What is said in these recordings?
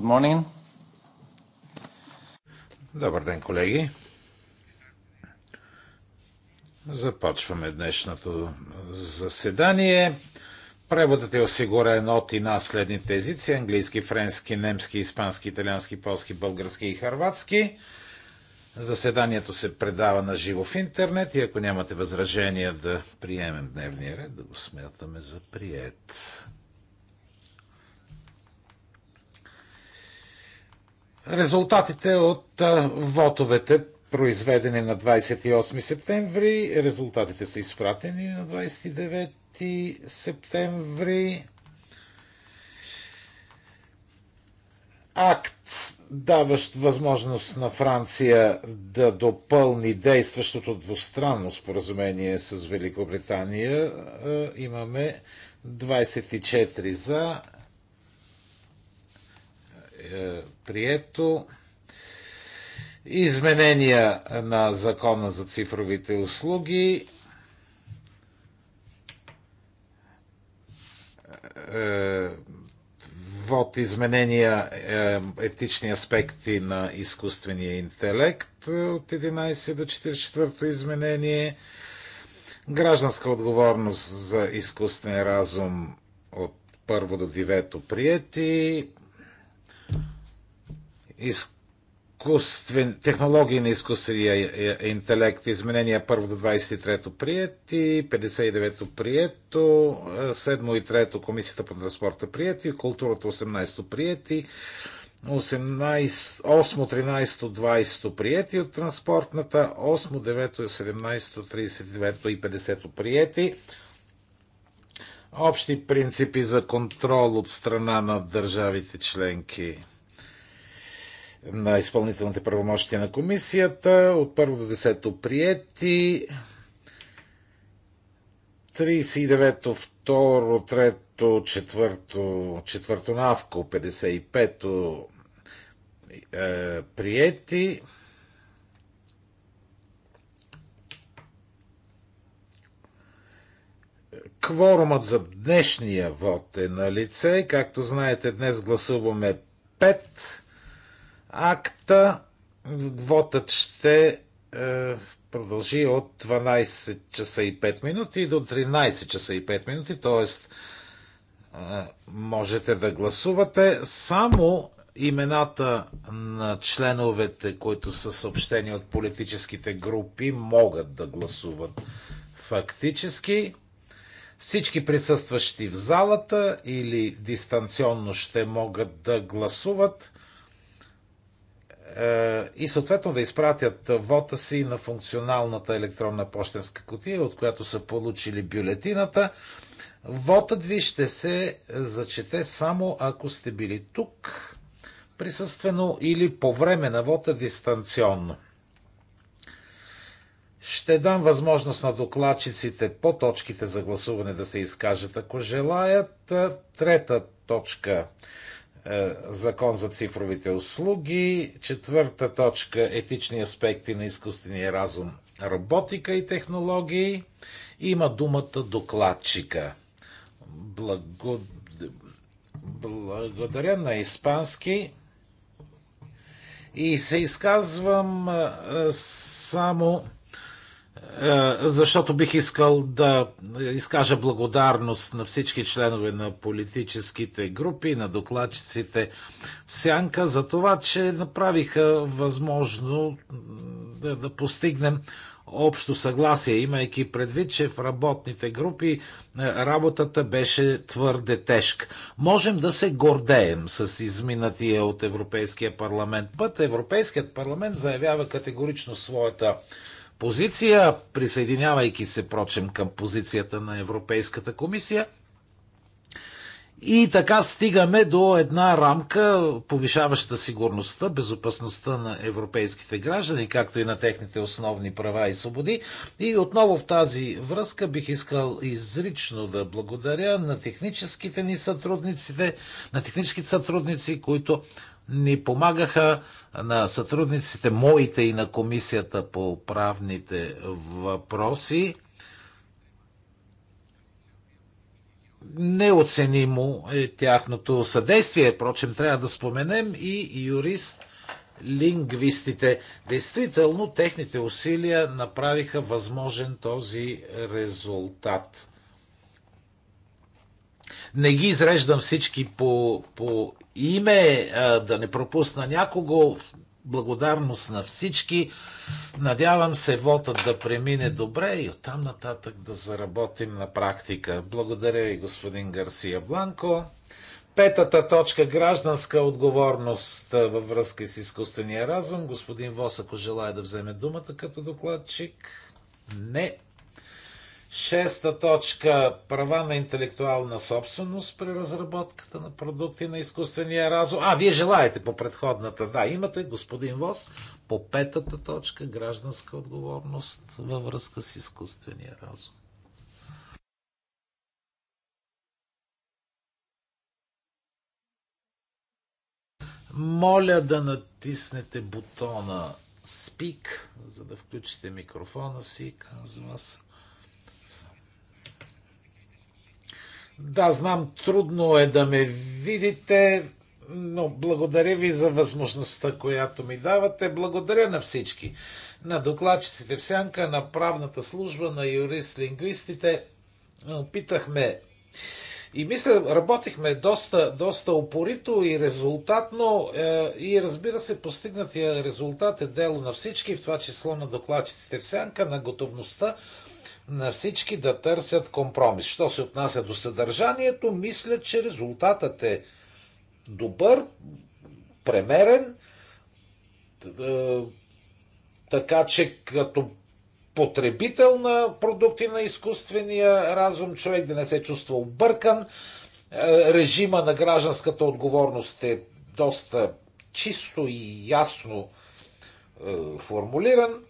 Good morning. Добър ден, колеги. Започваме днешното заседание. Преводът е осигурен от и на следните езици. Английски, френски, немски, испански, италиански, полски, български и харватски. Заседанието се предава на живо в интернет и ако нямате възражения да приемем дневния ред, да го смятаме за прият. Резултатите от вотовете, произведени на 28 септември, резултатите са изпратени на 29 септември. Акт, даващ възможност на Франция да допълни действащото двустранно споразумение с Великобритания, имаме 24 за, е, прието. Изменения на закона за цифровите услуги. Е, вот изменения е, етични аспекти на изкуствения интелект от 11 до 44 изменение, гражданска отговорност за изкуствен разум от 1 до 9 приети, изкуствен, технологии на изкуствения интелект, изменения 1 до 23 приети, 59-то прието, 7 е, и 3 комисията по транспорта приети, културата 18 приети, 18, 8, 13, 20 приети от транспортната, 8, 9, 17, 39 и 50 приети. Общи принципи за контрол от страна на държавите членки на изпълнителните правомощия на комисията. От първо до десето приети. 39-то, 2 трето, 3-то, 4-то, 4-то навко, 55-то е, приети. Кворумът за днешния вод е на лице. Както знаете, днес гласуваме 5 акта. Вотът ще е, продължи от 12 часа и 5 минути до 13 часа и 5 минути, т.е. можете да гласувате само имената на членовете, които са съобщени от политическите групи, могат да гласуват фактически. Всички присъстващи в залата или дистанционно ще могат да гласуват – е, и съответно да изпратят вота си на функционалната електронна почтенска котия, от която са получили бюлетината. Вотът ви ще се зачете само ако сте били тук присъствено или по време на вота дистанционно. Ще дам възможност на докладчиците по точките за гласуване да се изкажат, ако желаят. Трета точка е, закон за цифровите услуги. Четвърта точка етични аспекти на изкуствения разум, роботика и технологии. Има думата докладчика. Благо... Благодаря на испански. И се изказвам е, само е, защото бих искал да изкажа благодарност на всички членове на политическите групи, на докладчиците в Сянка за това, че направиха възможно да, да постигнем общо съгласие, имайки предвид, че в работните групи е, работата беше твърде тежка. Можем да се гордеем с изминатия от Европейския парламент път. Европейският парламент заявява категорично своята позиция, присъединявайки се, прочем към позицията на Европейската комисия. И така стигаме до една рамка, повишаваща сигурността, безопасността на европейските граждани, както и на техните основни права и свободи. И отново в тази връзка бих искал изрично да благодаря на техническите ни сътрудниците, на техническите сътрудници, които ни помагаха на сътрудниците, моите и на комисията по правните въпроси. Неоценимо е тяхното съдействие. Впрочем, трябва да споменем и юрист лингвистите. Действително, техните усилия направиха възможен този резултат. Не ги изреждам всички по, по име, да не пропусна някого. Благодарност на всички. Надявам се вотът да премине добре и оттам нататък да заработим на практика. Благодаря ви, господин Гарсия Бланко. Петата точка гражданска отговорност във връзка с изкуствения разум. Господин Вос, ако желая да вземе думата като докладчик. Не. Шеста точка – права на интелектуална собственост при разработката на продукти на изкуствения разум. А, вие желаете по предходната. Да, имате, господин Вос, по петата точка – гражданска отговорност във връзка с изкуствения разум. Моля да натиснете бутона Speak, за да включите микрофона си, казва се. Да, знам, трудно е да ме видите, но благодаря ви за възможността, която ми давате. Благодаря на всички. На докладчиците в Сянка, на правната служба, на юрист-лингвистите. Питахме и мисля, работихме доста, доста упорито и резултатно е, и разбира се, постигнатия резултат е дело на всички, в това число на докладчиците в сянка, на готовността на всички да търсят компромис. Що се отнася до съдържанието, мисля, че резултатът е добър, премерен, е, така че като потребител на продукти на изкуствения разум, човек да не се чувства объркан, е, режима на гражданската отговорност е доста чисто и ясно е, формулиран.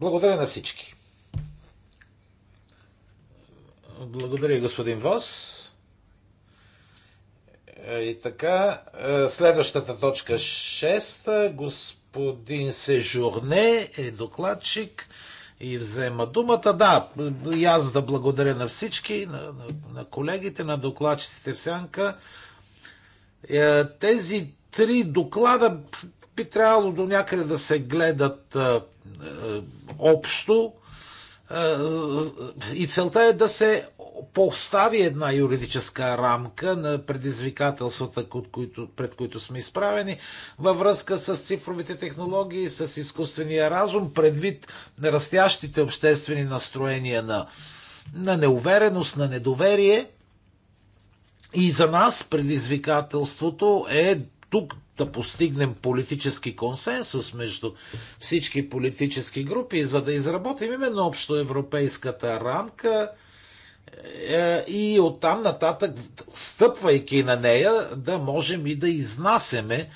Благодаря на всички. Благодаря, господин Вос. Е, и така, е, следващата точка 6. Господин Сежурне е докладчик и взема думата. Да, и аз да благодаря на всички, на, на, на колегите, на докладчиците в Сянка. Е, тези три доклада би трябвало до някъде да се гледат общо и целта е да се постави една юридическа рамка на предизвикателствата, пред които сме изправени, във връзка с цифровите технологии, с изкуствения разум, предвид на растящите обществени настроения на, на неувереност, на недоверие. И за нас предизвикателството е тук да постигнем политически консенсус между всички политически групи, за да изработим именно общоевропейската рамка е, и оттам нататък, стъпвайки на нея, да можем и да изнасяме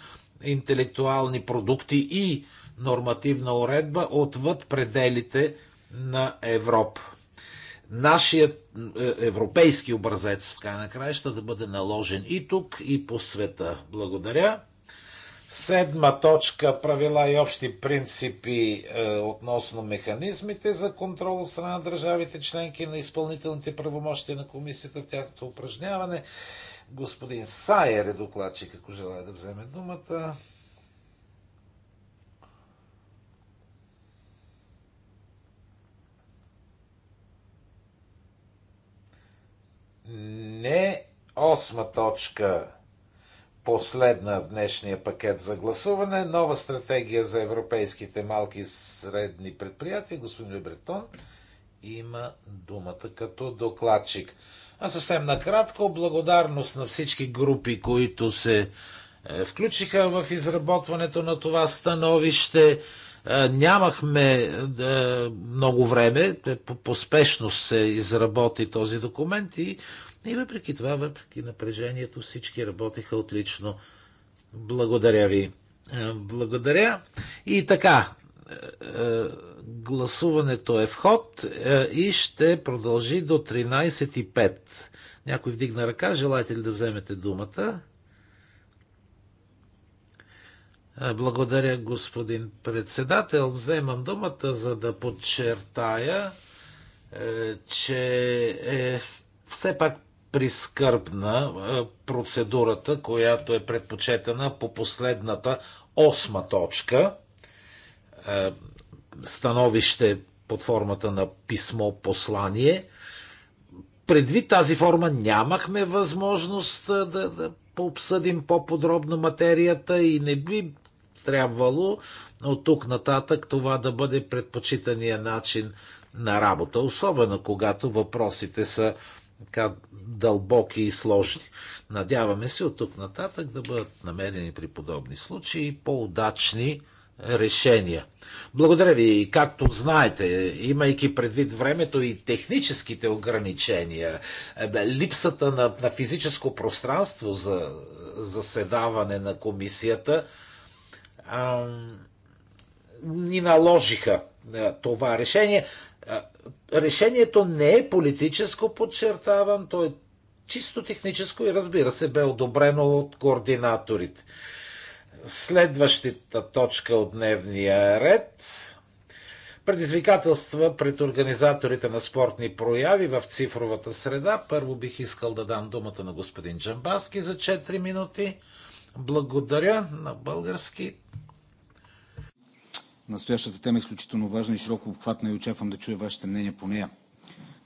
интелектуални продукти и нормативна уредба отвъд пределите на Европа. Нашият е, европейски образец, в край на краища, да бъде наложен и тук, и по света. Благодаря. Седма точка правила и общи принципи е, относно механизмите за контрол от страна на държавите членки на изпълнителните правомощи на комисията в тяхното упражняване. Господин Сайер е докладчик, ако желая да вземе думата. Не. Осма точка последна в днешния пакет за гласуване. Нова стратегия за европейските малки и средни предприятия. Господин Лебретон има думата като докладчик. А съвсем накратко, благодарност на всички групи, които се е, включиха в изработването на това становище. Е, нямахме е, много време, по спешност се изработи този документ и и въпреки това, въпреки напрежението, всички работеха отлично. Благодаря ви. Е, благодаря. И така, е, е, гласуването е в ход и ще продължи до 13.05. Някой вдигна ръка, желаете ли да вземете думата? Благодаря, господин председател. Вземам думата, за да подчертая, че е все пак прискърбна процедурата, която е предпочетена по последната осма точка. Становище под формата на писмо-послание. Предвид тази форма нямахме възможност да, да обсъдим по-подробно материята и не би трябвало от тук нататък това да бъде предпочитания начин на работа, особено когато въпросите са така дълбоки и сложни. Надяваме се от тук нататък да бъдат намерени при подобни случаи по-удачни решения. Благодаря ви. Както знаете, имайки предвид времето и техническите ограничения, липсата на, на физическо пространство за заседаване на комисията а, ни наложиха това решение. Решението не е политическо, подчертавам, то е чисто техническо и разбира се бе одобрено от координаторите. Следващата точка от дневния ред предизвикателства пред организаторите на спортни прояви в цифровата среда. Първо бих искал да дам думата на господин Джамбаски за 4 минути. Благодаря на български Настоящата тема е изключително важна и широко обхватна и очаквам да чуя Вашите мнения по нея.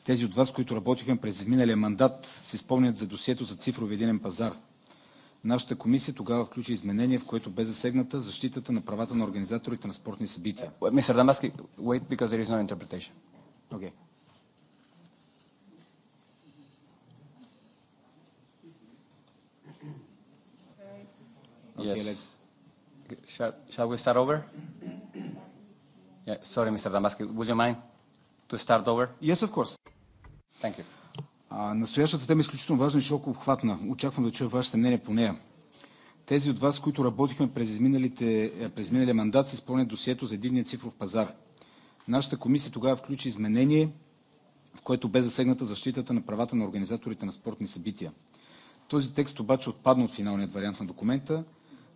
Тези от Вас, които работиха през миналия мандат, си спомнят за досието за цифрови единен пазар. Нашата комисия тогава включи изменение, в което бе засегната защитата на правата на организаторите на спортни събития. Mr. wait because there is no interpretation. Okay. Okay, yes. let's... Shall, shall we start over? Yeah, sorry, Mr. Дамаски, would you mind to start over? Yes, of course. Thank you. А, настоящата тема е изключително важна и широко обхватна. Очаквам да чуя вашето мнение по нея. Тези от вас, които работихме през, изминалите, е, през миналия мандат, се изпълнят досието за единния цифров пазар. Нашата комисия тогава включи изменение, в което бе засегната защитата на правата на организаторите на спортни събития. Този текст обаче отпадна от финалният вариант на документа.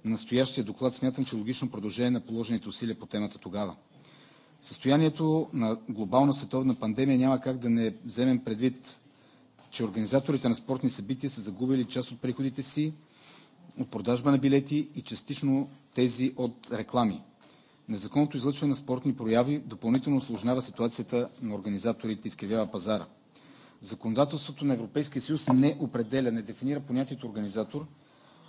Настоящия доклад смятам, че е логично продължение на положените усилия по темата тогава състоянието на глобална световна пандемия няма как да не вземем предвид, че организаторите на спортни събития са загубили част от приходите си от продажба на билети и частично тези от реклами. Незаконното излъчване на спортни прояви допълнително осложнява ситуацията на организаторите и изкривява пазара. Законодателството на Европейския съюз не определя, не дефинира понятието „организатор“,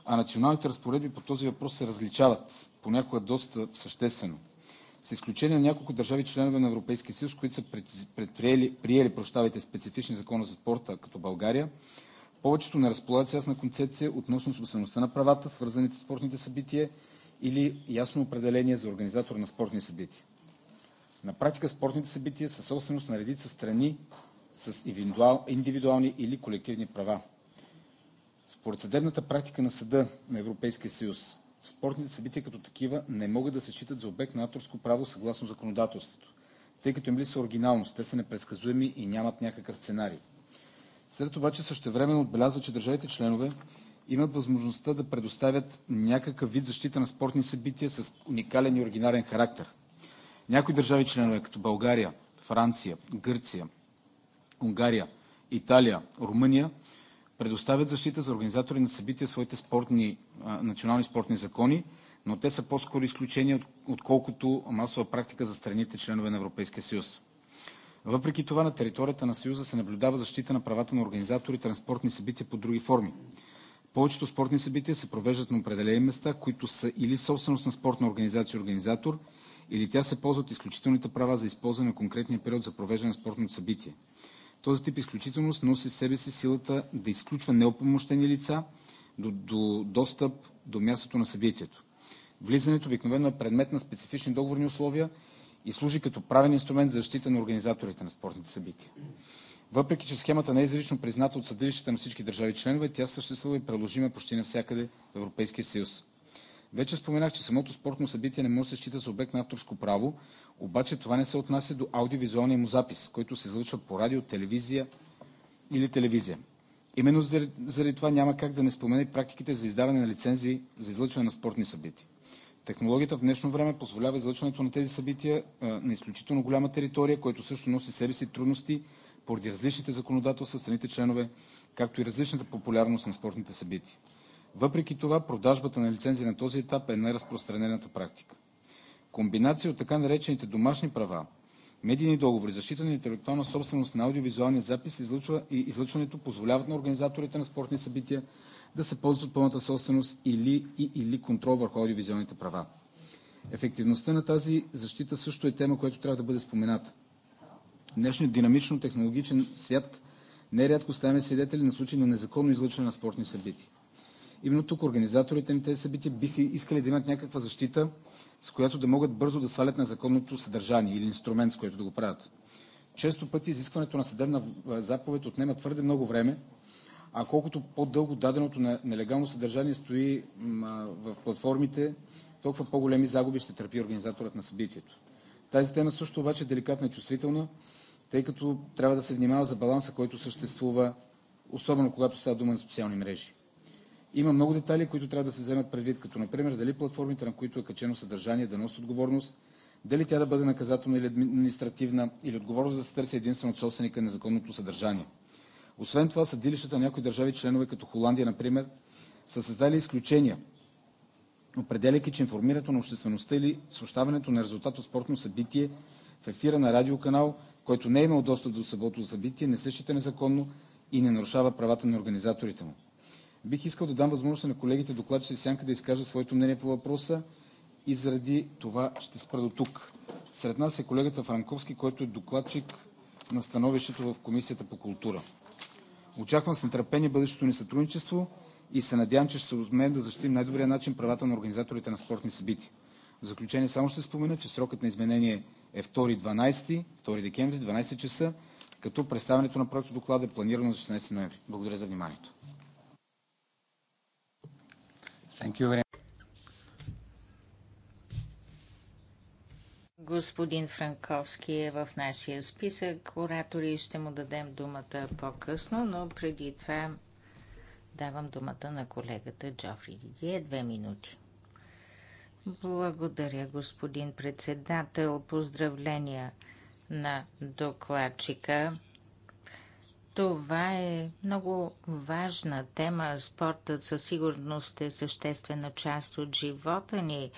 а националните разпоредби по този въпрос се различават, понякога доста съществено с изключение на няколко държави – членове на Европейския съюз, които са приели специфични закони за спорта, като България, повечето не разполагат с ясна концепция относно собствеността на правата, свързани със спортните събития, или ясно определение за организатор на спортни събития. На практика спортните събития са собственост на редица страни с индивидуални или колективни права. Според съдебната практика на Съда на Европейския съюз Спортните събития като такива не могат да се считат за обект на авторско право съгласно законодателството, тъй като им са оригиналност, те са непредсказуеми и нямат някакъв сценарий. След обаче същевременно отбелязва, че държавите членове имат възможността да предоставят някакъв вид защита на спортни събития с уникален и оригинален характер. Някои държави членове като България, Франция, Гърция, Унгария, Италия, Румъния, предоставят защита за организатори на събития в своите спортни, национални спортни закони, но те са по-скоро изключение, отколкото масова практика за страните – членове на Европейския съюз. Въпреки това на територията на Съюза се наблюдава защита на правата на организатори и транспортни събития по други форми. Повечето спортни събития се провеждат на определени места, които са или собственост на спортна организация и организатор, или тя се ползват изключителните права за използване на конкретния период за провеждане на спортното събитие. Този тип изключителност носи себе си силата да изключва неопомощени лица до достъп до мястото на събитието. Влизането обикновено е предмет на специфични договорни условия и служи като правен инструмент за защита на организаторите на спортните събития. Въпреки че схемата не е изрично призната от съдилищата на всички държави членове, тя съществува и приложима почти навсякъде в Европейския съюз. Вече споменах, че самото спортно събитие не може да се счита за обект на авторско право, обаче това не се отнася до аудиовизуалния му запис, който се излъчва по радио телевизия или телевизия. Именно заради това няма как да не спомена и практиките за издаване на лицензии за излъчване на спортни събития. Технологията в днешно време позволява излъчването на тези събития на изключително голяма територия, което също носи себе си трудности поради различните законодателства страните членове, както и различната популярност на спортните събития. Въпреки това продажбата на лицензи на този етап е най-разпространената практика. Комбинация от така наречените домашни права, медийни договори, защита на интелектуална собственост на аудиовизуалния запис и излъчването позволяват на организаторите на спортни събития да се ползват от пълната собственост и/или контрол върху аудиовизуалните права. Ефективността на тази защита също е тема, която трябва да бъде спомената. Днешният динамично технологичен свят нерядко ставаме свидетели на случаи на незаконно излъчване на спортни събития. Именно тук организаторите на тези събития биха искали да имат някаква защита, с която да могат бързо да свалят незаконното съдържание или инструмент, с който да го правят. Често пъти изискването на съдебна заповед отнема твърде много време, а колкото по-дълго даденото на нелегално съдържание стои в платформите, толкова по-големи загуби ще търпи организаторът на събитието. Тази тема също обаче е деликатна и чувствителна, тъй като трябва да се внимава за баланса, който съществува, особено когато става дума за социални мрежи. Има много детайли, които трябва да се вземат предвид, като например дали платформите, на които е качено съдържание, да носят отговорност, дали тя да бъде наказателна или административна, или отговорност да се търси единствено от собственика на незаконното съдържание. Освен това съдилищата на някои държави членове, като Холандия например, са създали изключения, определяйки, че информирането на обществеността или съобщаването на резултат от спортно събитие в ефира на радиоканал, който не е имал достъп до самото събитие, не се счита незаконно и не нарушава правата на организаторите му. Бих искал да дам възможност на колегите докладчици и сянка да изкажат своето мнение по въпроса и заради това ще спра дотук. Сред нас е колегата Франковски, който е докладчик на становището в Комисията по култура. Очаквам с нетърпение бъдещото ни сътрудничество и се надявам, че ще се отмеем да защитим най-добрия начин правата на организаторите на спортни събития. В заключение само ще спомена, че срокът на изменение е 2, 2 декември, 12 часа, като представянето на доклада е планирано за 16 ноември. Благодаря за вниманието. Thank you very Господин Франковски е в нашия списък. Оратори ще му дадем думата по-късно, но преди това давам думата на колегата Джофри Дидие. Две минути. Благодаря, господин председател. Поздравления на докладчика. Това е много важна тема. Спортът със сигурност е съществена част от живота ни.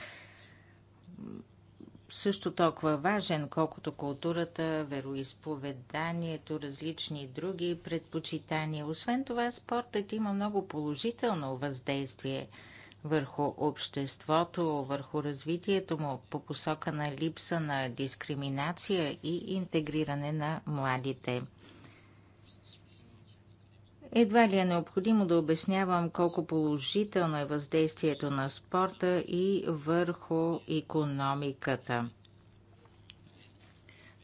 Също толкова важен, колкото културата, вероисповеданието, различни други предпочитания. Освен това, спортът има много положително въздействие върху обществото, върху развитието му по посока на липса на дискриминация и интегриране на младите. Едва ли е необходимо да обяснявам колко положително е въздействието на спорта и върху економиката.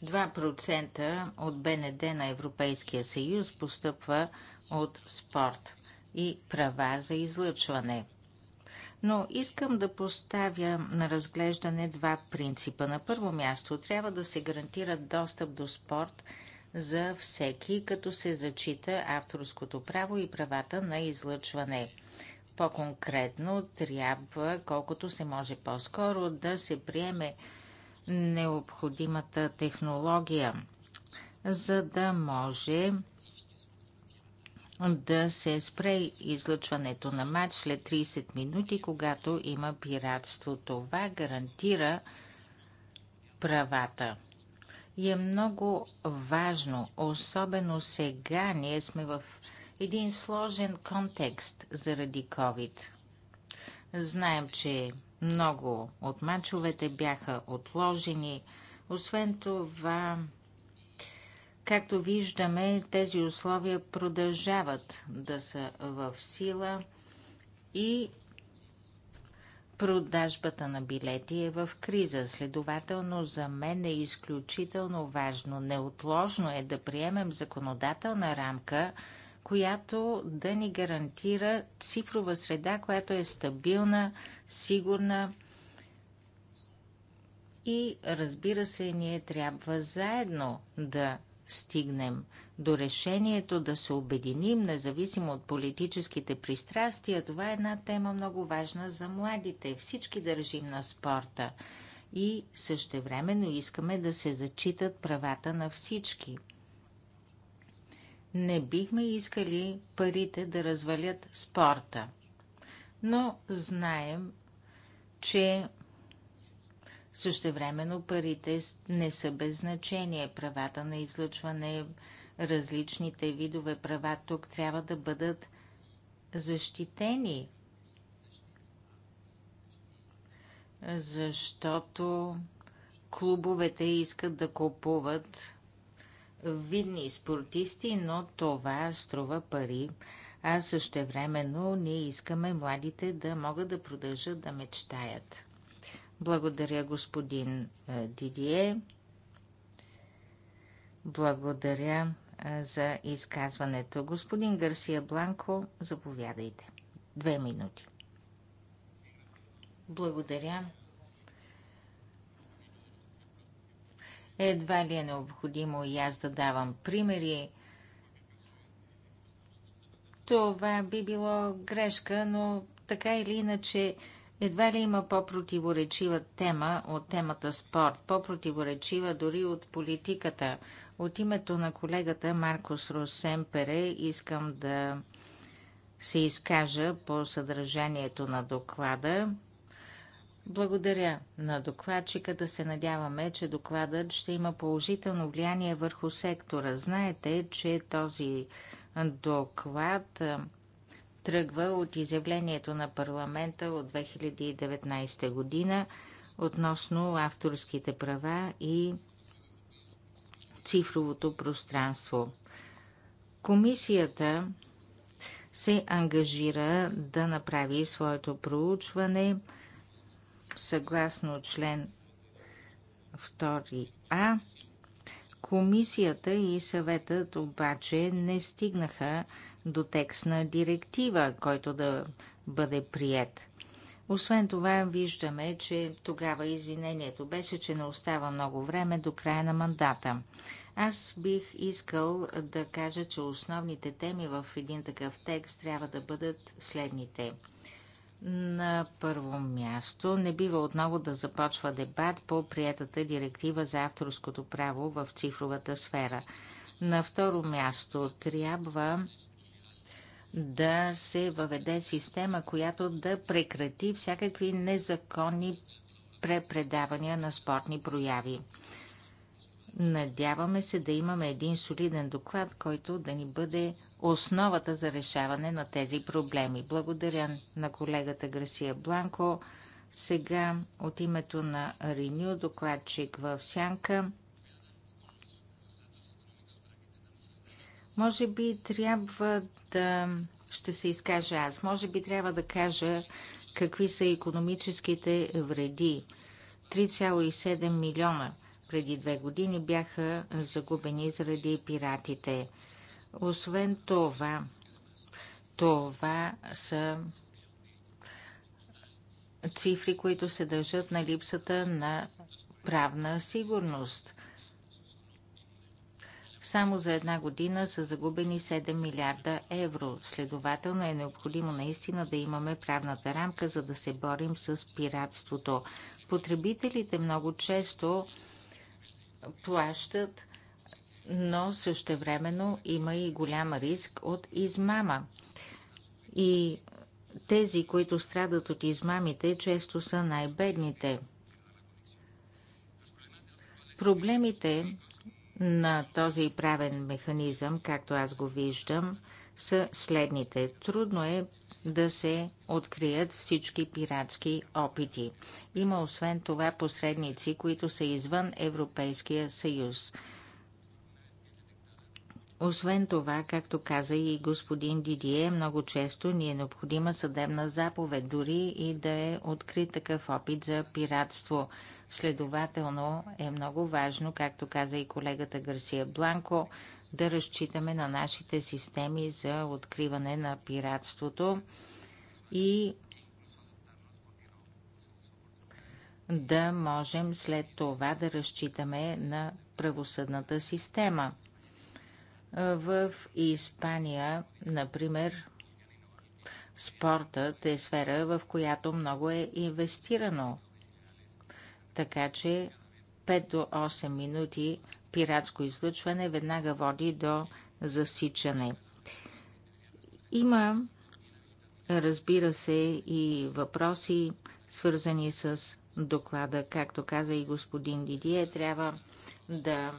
2% от БНД на Европейския съюз постъпва от спорт и права за излъчване. Но искам да поставя на разглеждане два принципа. На първо място трябва да се гарантира достъп до спорт – за всеки, като се зачита авторското право и правата на излъчване. По-конкретно трябва, колкото се може по-скоро, да се приеме необходимата технология, за да може да се спре излъчването на матч след 30 минути, когато има пиратство. Това гарантира правата и е много важно, особено сега ние сме в един сложен контекст заради COVID. Знаем, че много от мачовете бяха отложени. Освен това, както виждаме, тези условия продължават да са в сила и Продажбата на билети е в криза, следователно за мен е изключително важно, неотложно е да приемем законодателна рамка, която да ни гарантира цифрова среда, която е стабилна, сигурна и разбира се, ние трябва заедно да стигнем до решението да се обединим, независимо от политическите пристрастия. Това е една тема много важна за младите. Всички държим на спорта и същевременно искаме да се зачитат правата на всички. Не бихме искали парите да развалят спорта, но знаем, че същевременно парите не са без значение. Правата на излъчване, различните видове права тук трябва да бъдат защитени. Защото клубовете искат да купуват видни спортисти, но това струва пари. А също времено ние искаме младите да могат да продължат да мечтаят. Благодаря, господин е, Дидие. Благодаря за изказването. Господин Гарсия Бланко, заповядайте. Две минути. Благодаря. Едва ли е необходимо и аз да давам примери. Това би било грешка, но така или иначе едва ли има по-противоречива тема от темата спорт, по-противоречива дори от политиката. От името на колегата Маркос Росемпере искам да се изкажа по съдържанието на доклада. Благодаря на докладчика да се надяваме, че докладът ще има положително влияние върху сектора. Знаете, че този доклад тръгва от изявлението на парламента от 2019 година относно авторските права и цифровото пространство. Комисията се ангажира да направи своето проучване съгласно член 2а. Комисията и съветът обаче не стигнаха до текст на директива, който да бъде прият. Освен това, виждаме, че тогава извинението беше, че не остава много време до края на мандата. Аз бих искал да кажа, че основните теми в един такъв текст трябва да бъдат следните. На първо място не бива отново да започва дебат по приятата директива за авторското право в цифровата сфера. На второ място трябва да се въведе система, която да прекрати всякакви незаконни препредавания на спортни прояви. Надяваме се да имаме един солиден доклад, който да ни бъде основата за решаване на тези проблеми. Благодаря на колегата Грасия Бланко. Сега от името на Реню докладчик в Сянка. Може би трябва да... Ще се изкажа аз. Може би трябва да кажа какви са економическите вреди. 3,7 милиона преди две години бяха загубени заради пиратите. Освен това, това са цифри, които се дължат на липсата на правна сигурност. Само за една година са загубени 7 милиарда евро. Следователно е необходимо наистина да имаме правната рамка, за да се борим с пиратството. Потребителите много често плащат, но същевременно има и голям риск от измама. И тези, които страдат от измамите, често са най-бедните. Проблемите на този правен механизъм, както аз го виждам, са следните. Трудно е да се открият всички пиратски опити. Има освен това посредници, които са извън Европейския съюз. Освен това, както каза и господин Дидие, много често ни е необходима съдебна заповед, дори и да е открит такъв опит за пиратство. Следователно е много важно, както каза и колегата Гарсия Бланко, да разчитаме на нашите системи за откриване на пиратството и да можем след това да разчитаме на правосъдната система – в Испания, например, спортът е сфера, в която много е инвестирано. Така че 5 до 8 минути пиратско излъчване веднага води до засичане. Има, разбира се, и въпроси, свързани с доклада. Както каза и господин Дидие, трябва да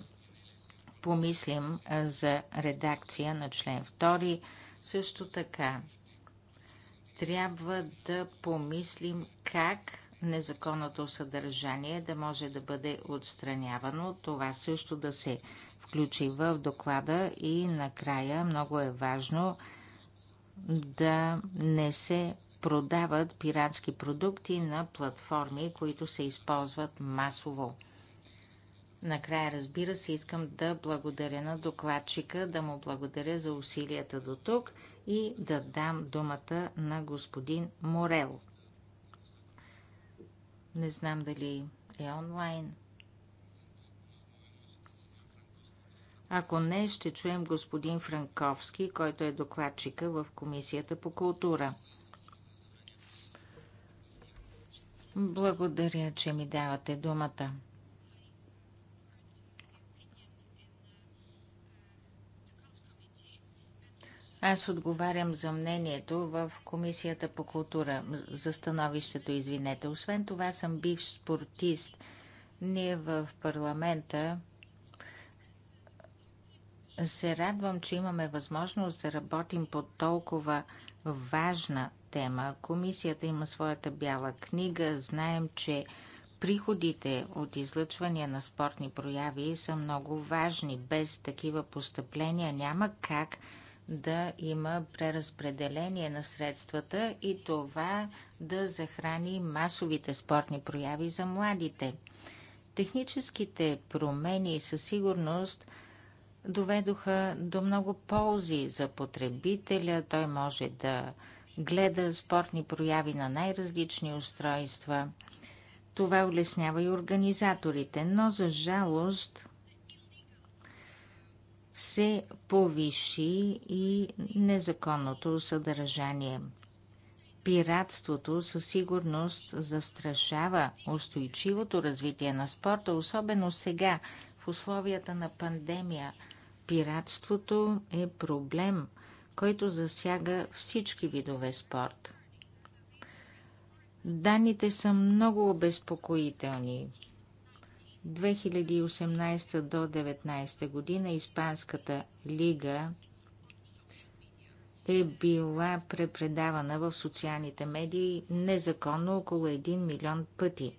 помислим за редакция на член 2. Също така трябва да помислим как незаконното съдържание да може да бъде отстранявано. Това също да се включи в доклада и накрая много е важно да не се продават пиратски продукти на платформи, които се използват масово. Накрая, разбира се, искам да благодаря на докладчика, да му благодаря за усилията до тук и да дам думата на господин Морел. Не знам дали е онлайн. Ако не, ще чуем господин Франковски, който е докладчика в Комисията по култура. Благодаря, че ми давате думата. Аз отговарям за мнението в Комисията по култура, за становището, извинете. Освен това съм бив спортист. Ние в парламента се радвам, че имаме възможност да работим по толкова важна тема. Комисията има своята бяла книга. Знаем, че приходите от излъчвания на спортни прояви са много важни. Без такива постъпления няма как да има преразпределение на средствата и това да захрани масовите спортни прояви за младите. Техническите промени със сигурност доведоха до много ползи за потребителя. Той може да гледа спортни прояви на най-различни устройства. Това улеснява и организаторите, но за жалост се повиши и незаконното съдържание. Пиратството със сигурност застрашава устойчивото развитие на спорта, особено сега, в условията на пандемия. Пиратството е проблем, който засяга всички видове спорт. Данните са много обезпокоителни. 2018 до 2019 година Испанската лига е била препредавана в социалните медии незаконно около 1 милион пъти.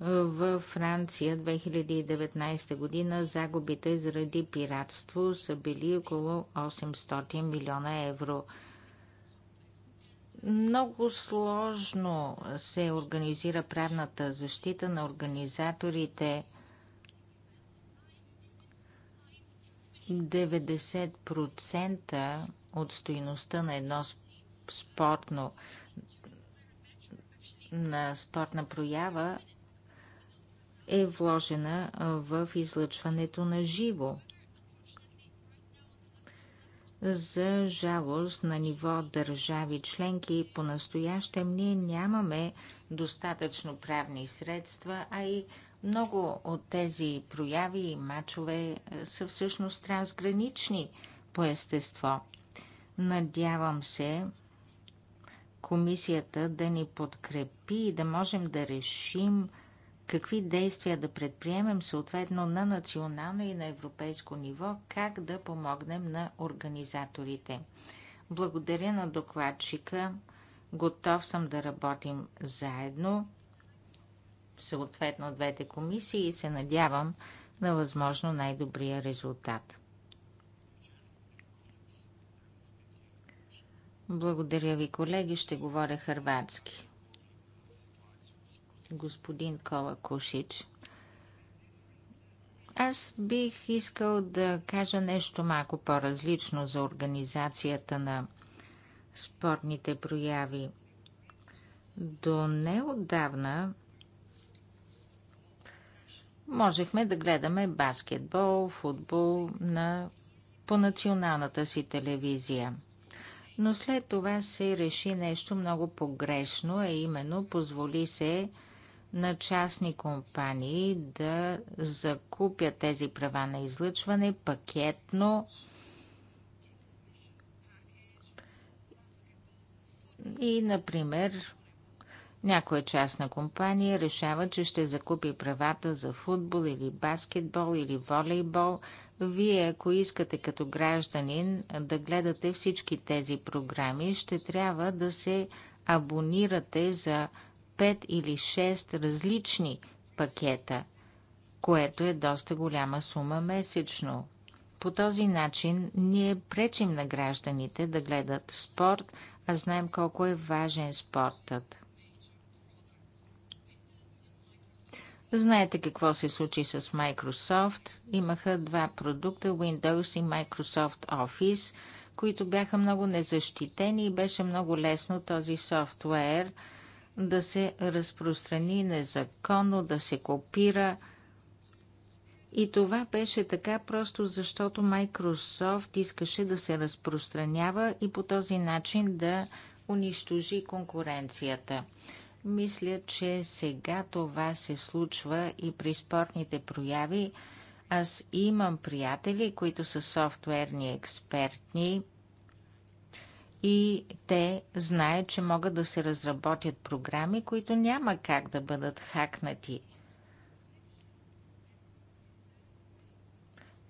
Във Франция 2019 година загубите заради пиратство са били около 800 милиона евро – много сложно се организира правната защита на организаторите. 90% от стоиността на едно спортно на спортна проява е вложена в излъчването на живо. За жалост на ниво държави членки по-настоящем ние нямаме достатъчно правни средства, а и много от тези прояви и мачове е, са всъщност трансгранични по естество. Надявам се комисията да ни подкрепи и да можем да решим какви действия да предприемем съответно на национално и на европейско ниво, как да помогнем на организаторите. Благодаря на докладчика. Готов съм да работим заедно, съответно двете комисии и се надявам на възможно най-добрия резултат. Благодаря ви, колеги. Ще говоря хърватски господин Кола Кушич. Аз бих искал да кажа нещо малко по-различно за организацията на спортните прояви. До неодавна можехме да гледаме баскетбол, футбол на, по националната си телевизия. Но след това се реши нещо много погрешно, а именно позволи се на частни компании да закупят тези права на излъчване пакетно и, например, някоя частна компания решава, че ще закупи правата за футбол или баскетбол или волейбол. Вие, ако искате като гражданин да гледате всички тези програми, ще трябва да се абонирате за 5 или 6 различни пакета, което е доста голяма сума месечно. По този начин ние пречим на гражданите да гледат спорт, а знаем колко е важен спортът. Знаете какво се случи с Microsoft. Имаха два продукта Windows и Microsoft Office, които бяха много незащитени и беше много лесно този софтуер – да се разпространи незаконно, да се копира. И това беше така просто защото Microsoft искаше да се разпространява и по този начин да унищожи конкуренцията. Мисля, че сега това се случва и при спортните прояви. Аз имам приятели, които са софтуерни експертни и те знаят, че могат да се разработят програми, които няма как да бъдат хакнати.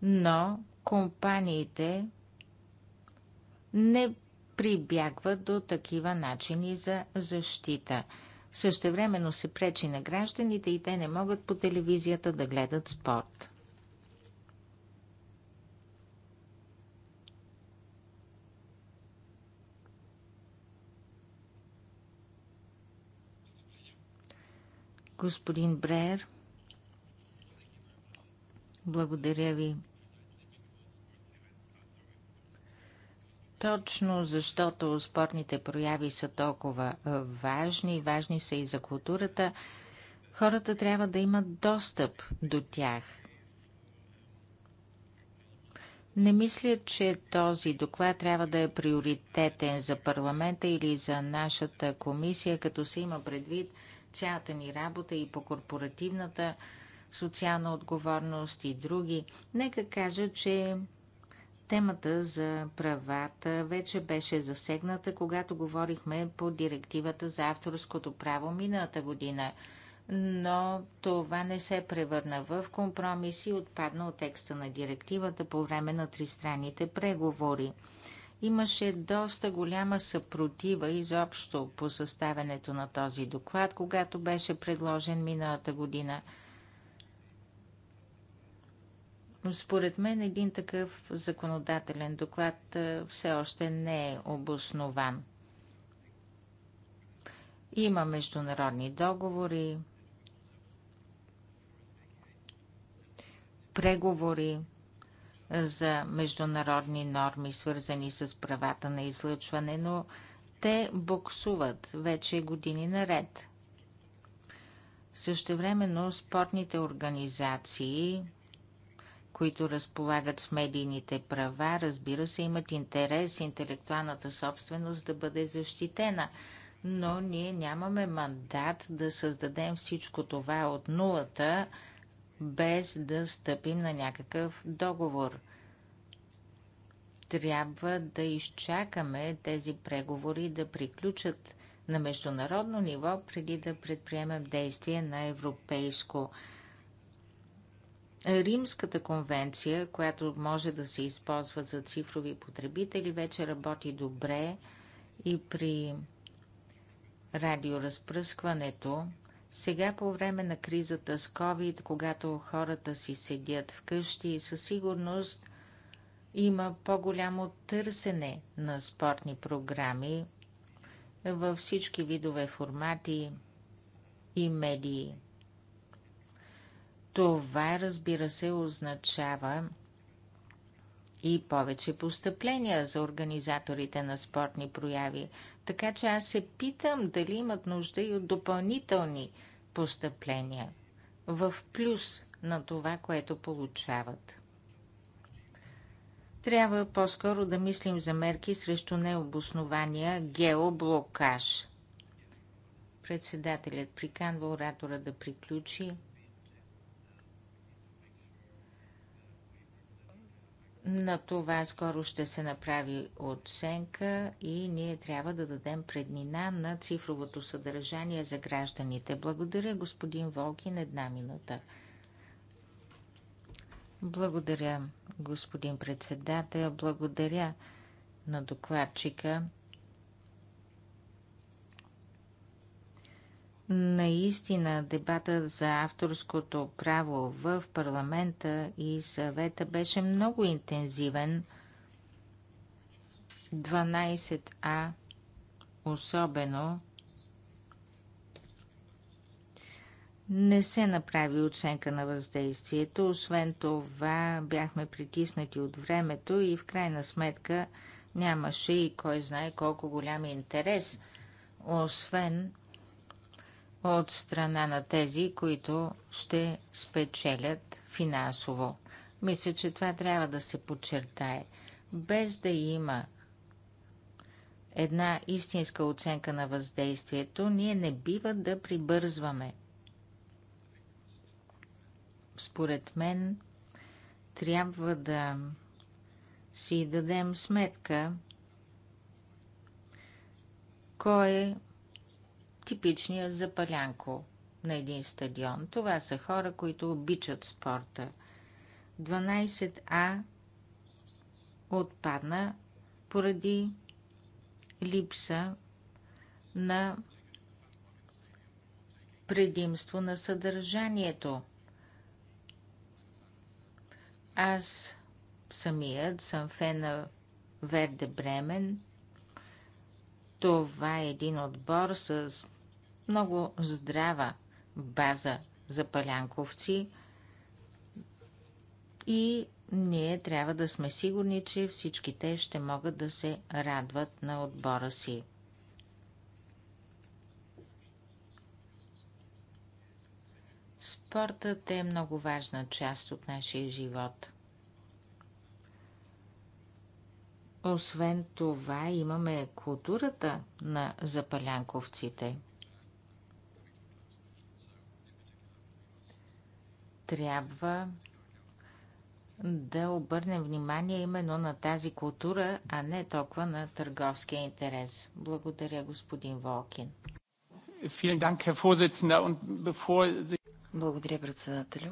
Но компаниите не прибягват до такива начини за защита. Същевременно се пречи на гражданите и те не могат по телевизията да гледат спорт. Господин Бреер, благодаря ви. Точно защото спортните прояви са толкова важни, важни са и за културата, хората трябва да имат достъп до тях. Не мисля, че този доклад трябва да е приоритетен за парламента или за нашата комисия, като се има предвид – цялата ни работа и по корпоративната социална отговорност и други. Нека кажа, че темата за правата вече беше засегната, когато говорихме по директивата за авторското право миналата година. Но това не се превърна в компромис и отпадна от текста на директивата по време на тристранните преговори. Имаше доста голяма съпротива изобщо по съставянето на този доклад, когато беше предложен миналата година. Според мен един такъв законодателен доклад все още не е обоснован. Има международни договори, преговори за международни норми, свързани с правата на излъчване, но те буксуват вече години наред. Същевременно спортните организации, които разполагат с медийните права, разбира се, имат интерес интелектуалната собственост да бъде защитена. Но ние нямаме мандат да създадем всичко това от нулата, без да стъпим на някакъв договор. Трябва да изчакаме тези преговори да приключат на международно ниво, преди да предприемем действие на европейско. Римската конвенция, която може да се използва за цифрови потребители, вече работи добре и при радиоразпръскването сега е по време на кризата с COVID, когато хората си седят вкъщи, със сигурност има по-голямо търсене на спортни програми във всички видове формати и медии. Това, разбира се, означава и повече постъпления за организаторите на спортни прояви. Така че аз се питам дали имат нужда и от допълнителни постъпления в плюс на това, което получават. Трябва по-скоро да мислим за мерки срещу необоснования геоблокаж. Председателят приканва оратора да приключи. На това скоро ще се направи оценка и ние трябва да дадем преднина на цифровото съдържание за гражданите. Благодаря, господин Волкин. Една минута. Благодаря, господин председател. Благодаря на докладчика. Наистина дебата за авторското право в парламента и съвета беше много интензивен. 12А особено не се направи оценка на въздействието. Освен това, бяхме притиснати от времето и в крайна сметка нямаше и кой знае колко голям интерес, освен от страна на тези, които ще спечелят финансово. Мисля, че това трябва да се подчертае. Без да има една истинска оценка на въздействието, ние не бива да прибързваме. Според мен, трябва да си дадем сметка кой е типичния за палянко на един стадион. Това са хора, които обичат спорта. 12А отпадна поради липса на предимство на съдържанието. Аз самият съм фен на Верде Бремен. Това е един отбор с много здрава база за палянковци и ние трябва да сме сигурни, че всички те ще могат да се радват на отбора си. Спортът е много важна част от нашия живот. Освен това имаме културата на запалянковците – трябва да обърнем внимание именно на тази култура, а не толкова на търговския интерес. Благодаря, господин Волкин. Благодаря, председателю.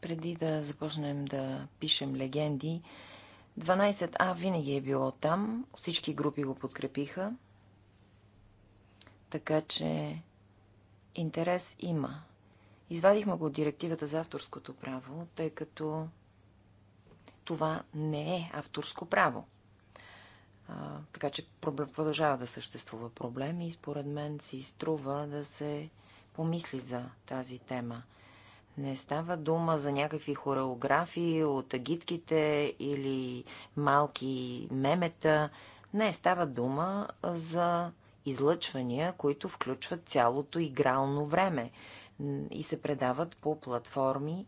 Преди да започнем да пишем легенди, 12А винаги е било там. Всички групи го подкрепиха. Така че интерес има. Извадихме го от директивата за авторското право, тъй като това не е авторско право. А, така че продължава да съществува проблем и според мен си струва да се помисли за тази тема. Не става дума за някакви хореографии от агитките или малки мемета. Не, става дума за излъчвания, които включват цялото игрално време и се предават по платформи.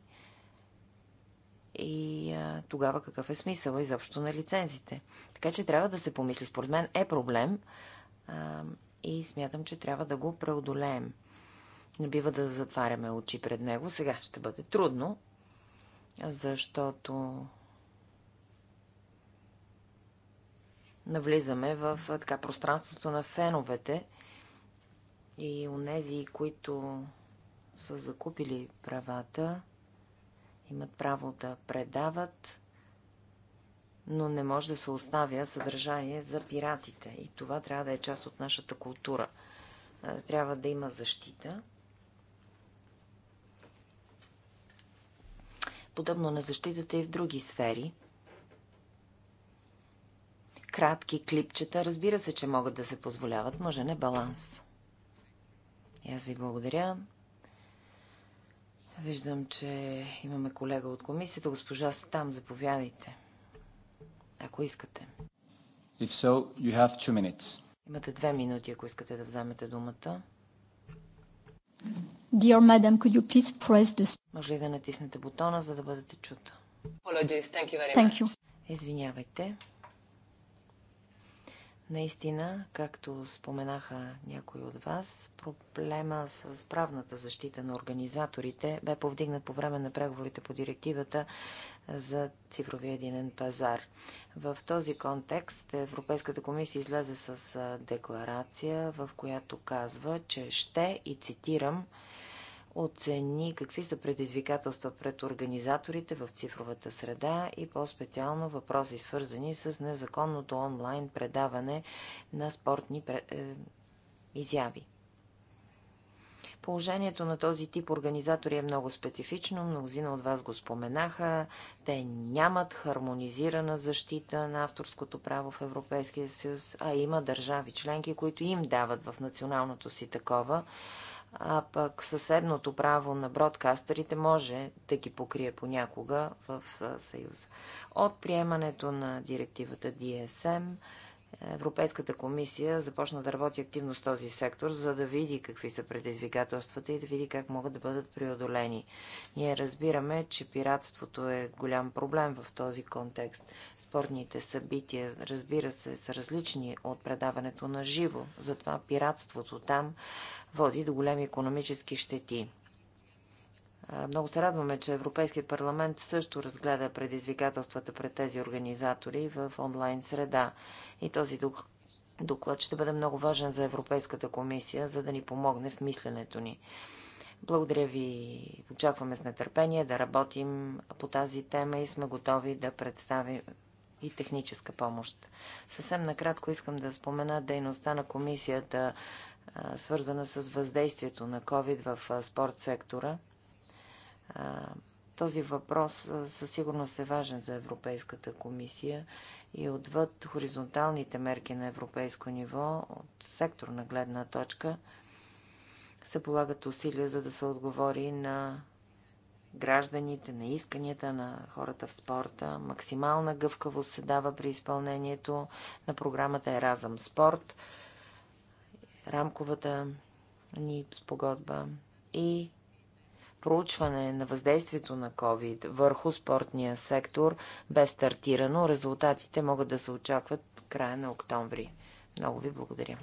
И а, тогава какъв е смисъл изобщо на лицензите? Така че трябва да се помисли. Според мен е проблем а, и смятам, че трябва да го преодолеем. Не бива да затваряме очи пред него. Сега ще бъде трудно, защото навлизаме в така пространството на феновете и онези, които са закупили правата, имат право да предават, но не може да се оставя съдържание за пиратите. И това трябва да е част от нашата култура. Трябва да има защита. Подобно на защитата и в други сфери – кратки клипчета, разбира се, че могат да се позволяват. Може не баланс. И аз ви благодаря. Виждам, че имаме колега от комисията. Госпожа Стам, заповядайте. Ако искате. If so, you have two minutes. Имате две минути, ако искате да вземете думата. Dear madam, could you please press the... Може ли да натиснете бутона, за да бъдете чута? Thank you. Извинявайте. Наистина, както споменаха някои от вас, проблема с правната защита на организаторите бе повдигнат по време на преговорите по директивата за цифровия единен пазар. В този контекст Европейската комисия излезе с декларация, в която казва, че ще, и цитирам, оцени какви са предизвикателства пред организаторите в цифровата среда и по-специално въпроси свързани с незаконното онлайн предаване на спортни е, изяви. Положението на този тип организатори е много специфично. Мнозина от вас го споменаха. Те нямат хармонизирана защита на авторското право в Европейския съюз, а има държави членки, които им дават в националното си такова а пък съседното право на бродкастерите може да ги покрие понякога в Съюза. От приемането на директивата DSM Европейската комисия започна да работи активно с този сектор, за да види какви са предизвикателствата и да види как могат да бъдат преодолени. Ние разбираме, че пиратството е голям проблем в този контекст. Спортните събития, разбира се, са различни от предаването на живо. Затова пиратството там води до големи економически щети. Много се радваме, че Европейският парламент също разгледа предизвикателствата пред тези организатори в онлайн среда. И този доклад ще бъде много важен за Европейската комисия, за да ни помогне в мисленето ни. Благодаря ви. Очакваме с нетърпение да работим по тази тема и сме готови да представим и техническа помощ. Съвсем накратко искам да спомена дейността на комисията, свързана с въздействието на COVID в спорт сектора – този въпрос със сигурност е важен за Европейската комисия и отвъд хоризонталните мерки на европейско ниво, от секторна гледна точка, се полагат усилия за да се отговори на гражданите, на исканията на хората в спорта. Максимална гъвкавост се дава при изпълнението на програмата Еразъм Спорт, рамковата ни спогодба и проучване на въздействието на COVID върху спортния сектор бе стартирано. Резултатите могат да се очакват края на октомври. Много ви благодаря.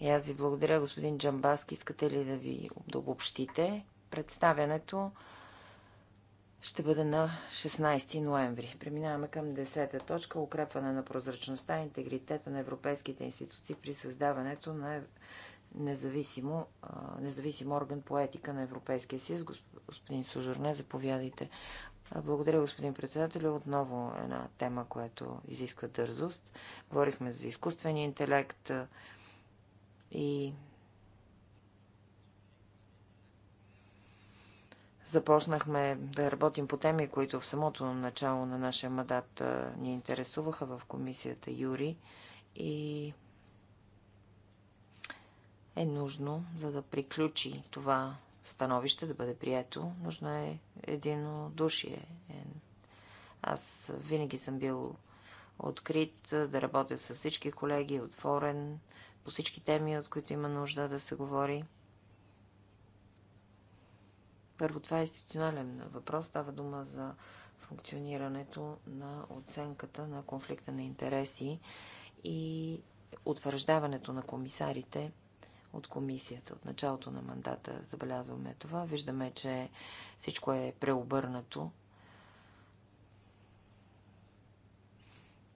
И аз ви благодаря, господин Джамбаски. Искате ли да ви обобщите представянето? ще бъде на 16 ноември. Преминаваме към 10-та точка укрепване на прозрачността и интегритета на европейските институции при създаването на независимо, независим орган по етика на Европейския съюз. Господин Сужарне, заповядайте. Благодаря, господин председател. Отново една тема, която изисква дързост. Говорихме за изкуствения интелект и започнахме да работим по теми, които в самото начало на нашия мандат ни интересуваха в комисията Юри и е нужно, за да приключи това становище, да бъде прието. Нужно е единодушие. Е, аз винаги съм бил открит да работя с всички колеги, отворен, по всички теми, от които има нужда да се говори. Първо, това е институционален въпрос. Става дума за функционирането на оценката на конфликта на интереси и утвърждаването на комисарите от комисията. От началото на мандата забелязваме това. Виждаме, че всичко е преобърнато.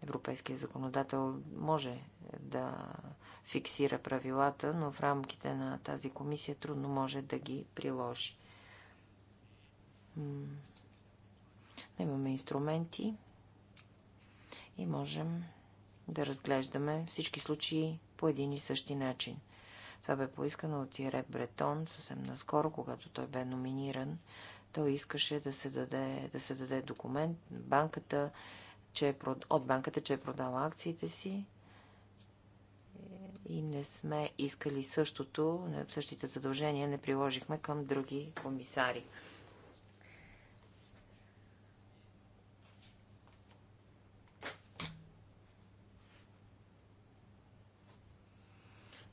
Европейският законодател може да фиксира правилата, но в рамките на тази комисия трудно може да ги приложи. Имаме инструменти и можем да разглеждаме всички случаи по един и същи начин. Това бе поискано от Тире Бретон съвсем наскоро, когато той бе номиниран. Той искаше да се даде, да се даде документ банката, че е, от банката, че е продала акциите си и не сме искали същото, същите задължения не приложихме към други комисари.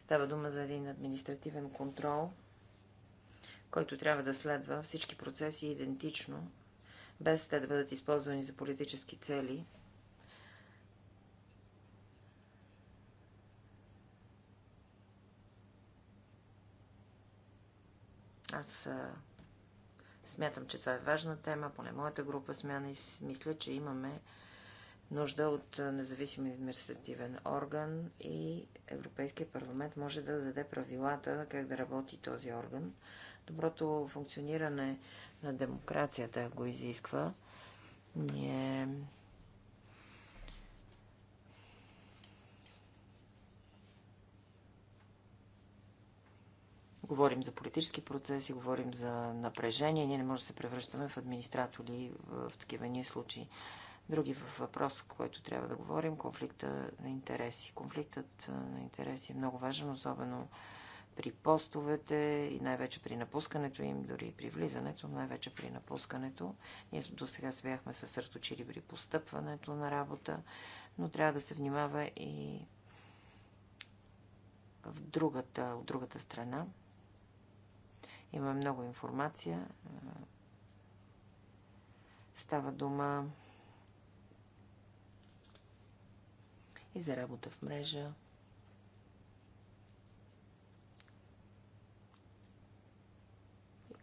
Става дума за един административен контрол, който трябва да следва всички процеси идентично, без те да бъдат използвани за политически цели. Аз смятам, че това е важна тема, поне моята група смяна и мисля, че имаме нужда от независим административен орган и Европейския парламент може да даде правилата как да работи този орган. Доброто функциониране на демокрацията го изисква. Ние Говорим за политически процеси, говорим за напрежение. Ние не може да се превръщаме в администратори в такива ни случаи. Други въпрос, който трябва да говорим, конфликта на интереси. Конфликтът на интереси е много важен, особено при постовете и най-вече при напускането им, дори и при влизането, най-вече при напускането. Ние до сега се бяхме сърточили при постъпването на работа, но трябва да се внимава и в другата, в другата страна. Има много информация. Става дума и за работа в мрежа.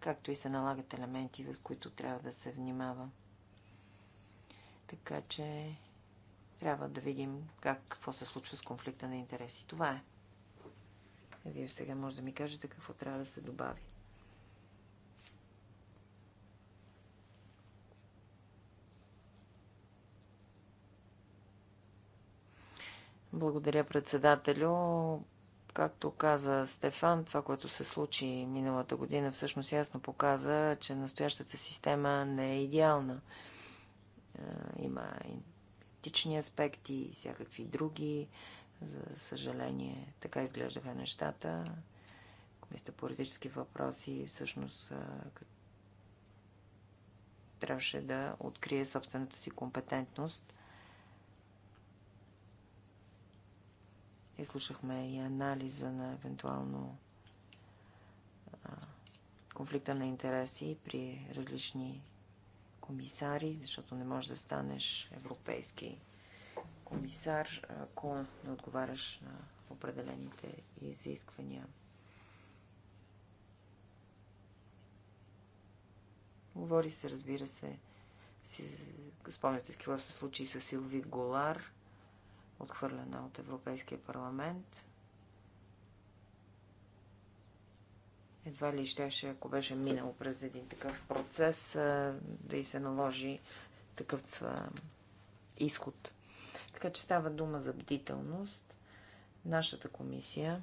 Както и се налагат елементи, в които трябва да се внимава. Така че трябва да видим как, какво се случва с конфликта на интереси. Това е. Вие сега може да ми кажете какво трябва да се добави. Благодаря, председателю. Както каза Стефан, това, което се случи миналата година, всъщност ясно показа, че настоящата система не е идеална. Е, има етични аспекти, и всякакви други. За съжаление, така изглеждаха нещата. Комисията по политически въпроси всъщност е, трябваше да открие собствената си компетентност Изслушахме и анализа на евентуално конфликта на интереси при различни комисари, защото не можеш да станеш европейски комисар, ако не отговаряш на определените изисквания. Говори се, разбира се, спомняте с какво се случи с Силви Голар, отхвърлена от Европейския парламент. Едва ли щеше, ако беше минало през един такъв процес, да и се наложи такъв изход. Така че става дума за бдителност. Нашата комисия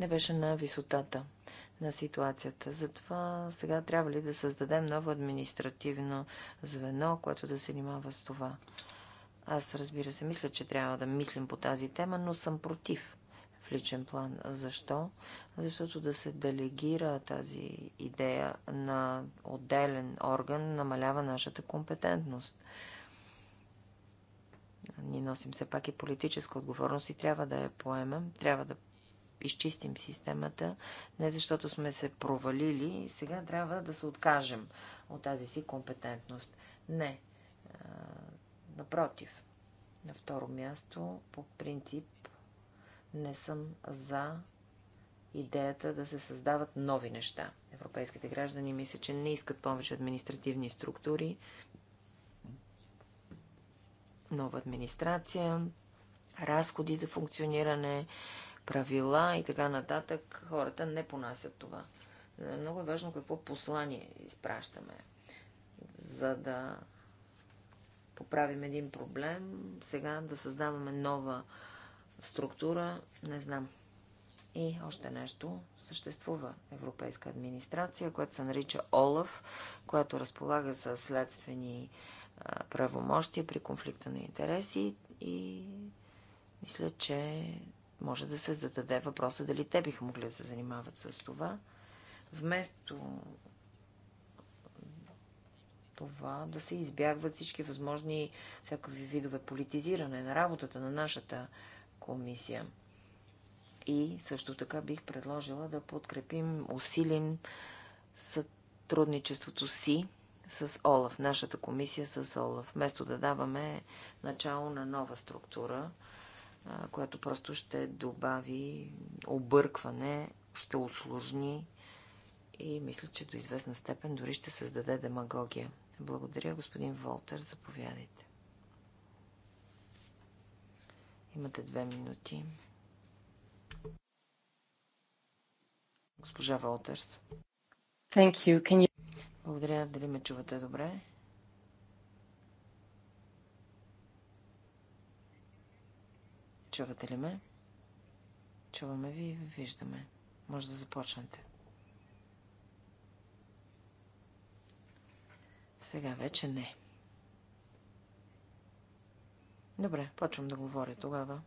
не беше на висотата на ситуацията. Затова сега трябва ли да създадем ново административно звено, което да се занимава с това? Аз, разбира се, мисля, че трябва да мислим по тази тема, но съм против в личен план. Защо? Защото да се делегира тази идея на отделен орган намалява нашата компетентност. Ние носим все пак и политическа отговорност и трябва да я поемем. Трябва да изчистим системата, не защото сме се провалили и сега трябва да се откажем от тази си компетентност. Не. А, напротив. На второ място, по принцип, не съм за идеята да се създават нови неща. Европейските граждани мисля, че не искат повече административни структури, нова администрация, разходи за функциониране, правила и така нататък, хората не понасят това. Много е важно какво послание изпращаме, за да поправим един проблем, сега да създаваме нова структура, не знам. И още нещо. Съществува европейска администрация, която се нарича ОЛАФ, която разполага с следствени правомощия при конфликта на интереси и мисля, че може да се зададе въпроса дали те биха могли да се занимават с това. Вместо това да се избягват всички възможни всякакви видове политизиране на работата на нашата комисия. И също така бих предложила да подкрепим, усилим сътрудничеството си с Олаф, нашата комисия с Олаф, вместо да даваме начало на нова структура, която просто ще добави объркване, ще осложни и мисля, че до известна степен дори ще създаде демагогия. Благодаря, господин Волтер. Заповядайте. Имате две минути. Госпожа Волтерс. Thank you. Can you... Благодаря. Дали ме чувате добре? Чувате ли ме? Чуваме ви и ви виждаме. Може да започнете. Сега вече не. Добре, почвам да говоря тогава.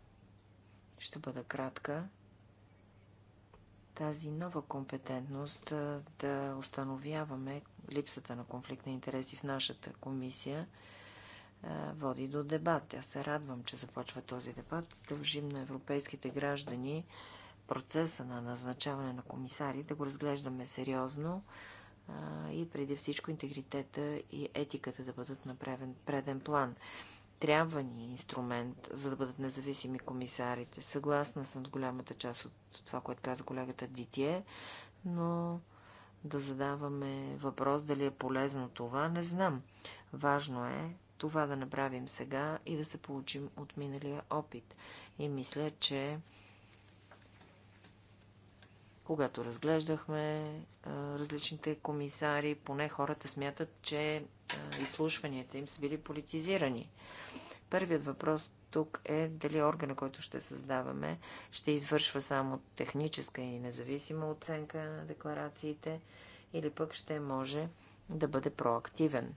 Ще бъда кратка. Тази нова компетентност да установяваме липсата на конфликт на интереси в нашата комисия – води до дебат. Аз се радвам, че започва този дебат. Дължим на европейските граждани процеса на назначаване на комисари, да го разглеждаме сериозно а, и преди всичко интегритета и етиката да бъдат направен преден план. Трябва ни инструмент, за да бъдат независими комисарите. Съгласна съм с голямата част от това, което каза колегата Дитие, но да задаваме въпрос дали е полезно това, не знам. Важно е това да направим сега и да се получим от миналия опит. И мисля, че когато разглеждахме различните комисари, поне хората смятат, че изслушванията им са били политизирани. Първият въпрос тук е дали органа, който ще създаваме, ще извършва само техническа и независима оценка на декларациите или пък ще може да бъде проактивен.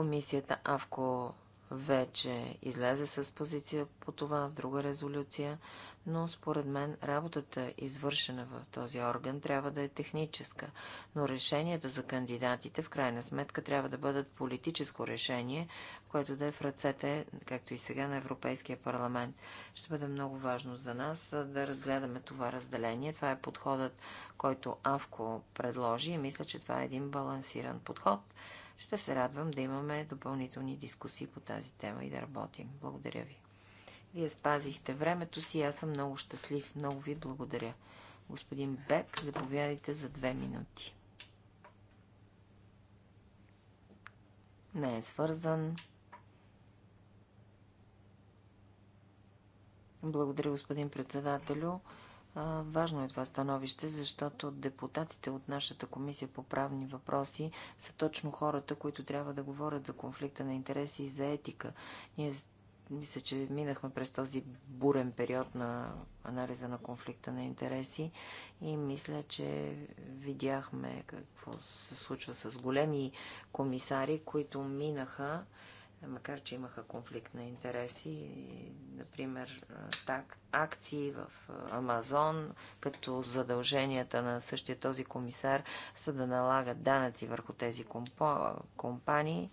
Комисията АВКО вече излезе с позиция по това в друга резолюция, но според мен работата, извършена в този орган, трябва да е техническа, но решенията за кандидатите в крайна сметка трябва да бъдат политическо решение, което да е в ръцете, както и сега, на Европейския парламент. Ще бъде много важно за нас да разгледаме това разделение. Това е подходът, който АВКО предложи и мисля, че това е един балансиран подход ще се радвам да имаме допълнителни дискусии по тази тема и да работим. Благодаря ви. Вие спазихте времето си аз съм много щастлив. Много ви благодаря. Господин Бек, заповядайте за две минути. Не е свързан. Благодаря, господин председателю. Важно е това становище, защото депутатите от нашата комисия по правни въпроси са точно хората, които трябва да говорят за конфликта на интереси и за етика. Ние мисля, че минахме през този бурен период на анализа на конфликта на интереси и мисля, че видяхме какво се случва с големи комисари, които минаха е, макар че имаха конфликт на интереси, например, так, акции в Амазон, като задълженията на същия този комисар са да налагат данъци върху тези компо, компании,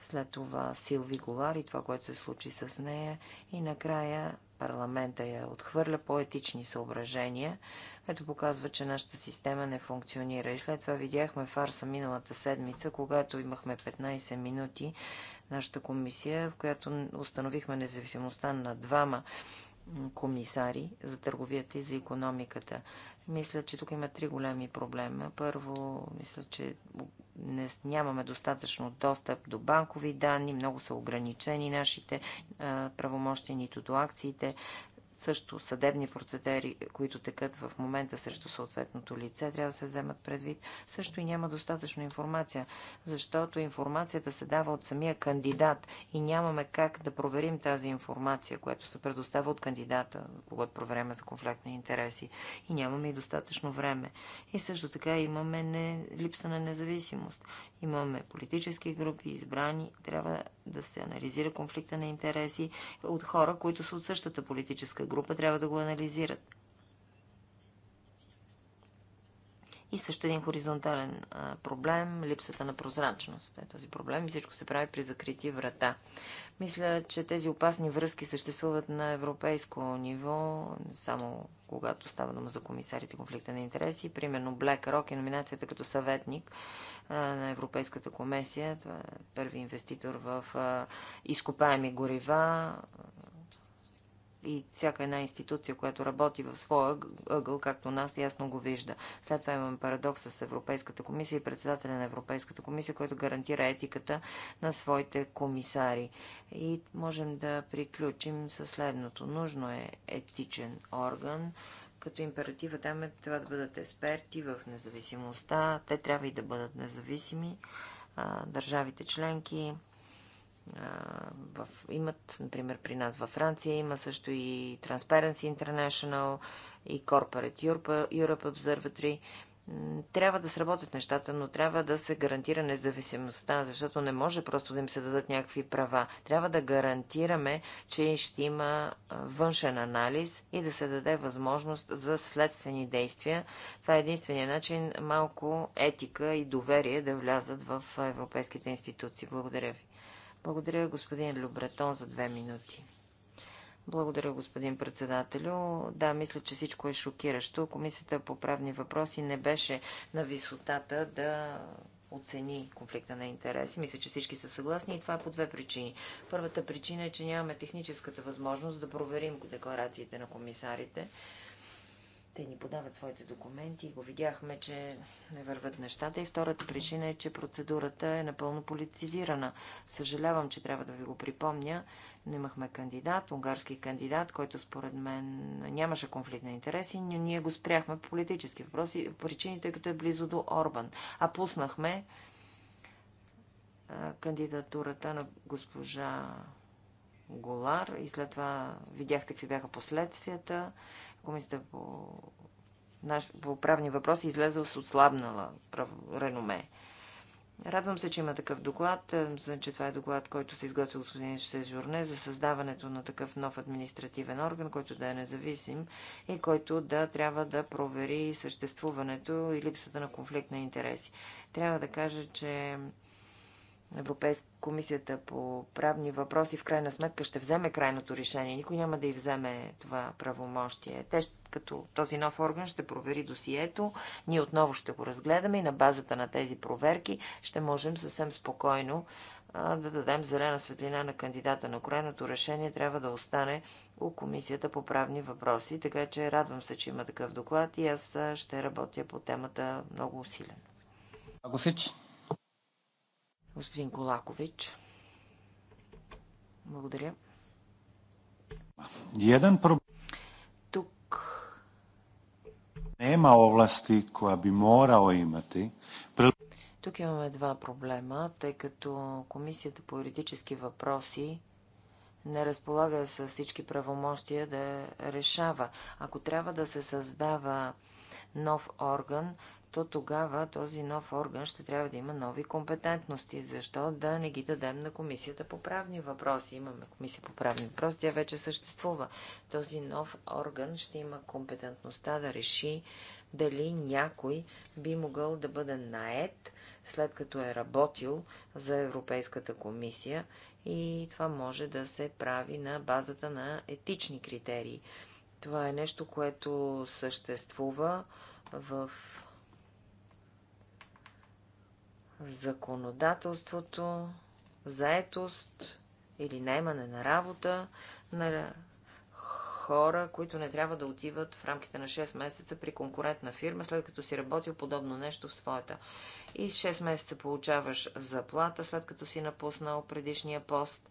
след това Силви Голар и това, което се случи с нея и накрая парламента я отхвърля по етични съображения, което показва, че нашата система не функционира. И след това видяхме фарса миналата седмица, когато имахме 15 минути нашата комисия, в която установихме независимостта на двама комисари за търговията и за економиката. Мисля, че тук има три големи проблема. Първо, мисля, че не, нямаме достатъчно достъп до банкови данни, много са ограничени нашите а, правомощи, нито до акциите също съдебни процедери, които текат в момента срещу съответното лице, трябва да се вземат предвид. Също и няма достатъчно информация, защото информацията се дава от самия кандидат и нямаме как да проверим тази информация, която се предоставя от кандидата, когато проверяме за конфликт на интереси. И нямаме и достатъчно време. И също така имаме не... липса на независимост. Имаме политически групи, избрани. Трябва да се анализира конфликта на интереси от хора, които са от същата политическа група. Трябва да го анализират. И също един хоризонтален а, проблем липсата на прозрачност. Е този проблем и всичко се прави при закрити врата. Мисля, че тези опасни връзки съществуват на европейско ниво, само когато става дума за комисарите конфликта на интереси. Примерно Рок е номинацията като съветник а, на Европейската комисия. Това е първи инвеститор в а, изкопаеми горива, и всяка една институция, която работи в своя ъгъл, както нас, ясно го вижда. След това имаме парадокс с Европейската комисия и председателя на Европейската комисия, който гарантира етиката на своите комисари. И можем да приключим със следното. Нужно е етичен орган, като императива там е това да бъдат експерти в независимостта. Те трябва и да бъдат независими. Държавите членки в, имат, например, при нас във Франция има също и Transparency International и Corporate Europe, Europe Observatory. Трябва да сработят нещата, но трябва да се гарантира независимостта, защото не може просто да им се дадат някакви права. Трябва да гарантираме, че ще има външен анализ и да се даде възможност за следствени действия. Това е единствения начин малко етика и доверие да влязат в европейските институции. Благодаря ви. Благодаря, господин Любретон, за две минути. Благодаря, господин председателю. Да, мисля, че всичко е шокиращо. Комисията по правни въпроси не беше на висотата да оцени конфликта на интереси. Мисля, че всички са съгласни и това е по две причини. Първата причина е, че нямаме техническата възможност да проверим декларациите на комисарите те ни подават своите документи и го видяхме, че не върват нещата. И втората причина е, че процедурата е напълно политизирана. Съжалявам, че трябва да ви го припомня, но имахме кандидат, унгарски кандидат, който според мен нямаше конфликт на интереси, но ние го спряхме по политически въпроси, причините като е близо до Орбан. А пуснахме кандидатурата на госпожа Голар и след това видяхте какви бяха последствията. Комисията по, наш, по правни въпроси излезе с отслабнала прав... реноме. Радвам се, че има такъв доклад. Мисля, е, че това е доклад, който се изготвил господин Журне за създаването на такъв нов административен орган, който да е независим и който да трябва да провери съществуването и липсата на конфликт на интереси. Трябва да кажа, че Европейска комисията по правни въпроси в крайна сметка ще вземе крайното решение. Никой няма да й вземе това правомощие. Те, като този нов орган, ще провери досието, ние отново ще го разгледаме и на базата на тези проверки ще можем съвсем спокойно а, да дадем зелена светлина на кандидата. На крайното решение трябва да остане у Комисията по правни въпроси, така че радвам се, че има такъв доклад и аз ще работя по темата много усилено. Господин Колакович. Благодаря. Jeden problém. Тук. Нема овласти, која би морала имати. Тук имаме два проблема, тъй като Комисията по юридически въпроси не разполага с всички правомощия да решава. Ако трябва да се създава нов орган, то тогава този нов орган ще трябва да има нови компетентности. Защо да не ги дадем на Комисията по правни въпроси? Имаме Комисия по правни въпроси, тя вече съществува. Този нов орган ще има компетентността да реши дали някой би могъл да бъде наед, след като е работил за Европейската комисия и това може да се прави на базата на етични критерии. Това е нещо, което съществува в законодателството, заетост или наймане на работа на хора, които не трябва да отиват в рамките на 6 месеца при конкурентна фирма, след като си работил подобно нещо в своята. И 6 месеца получаваш заплата, след като си напуснал предишния пост.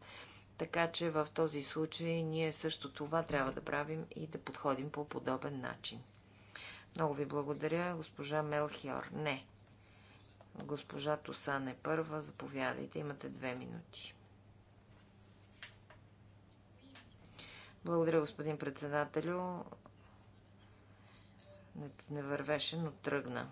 Така че в този случай ние също това трябва да правим и да подходим по подобен начин. Много ви благодаря, госпожа Мелхиор. Не, Госпожа Тосан е първа. Заповядайте. Имате две минути. Благодаря, господин председателю. Не, не вървеше, но тръгна.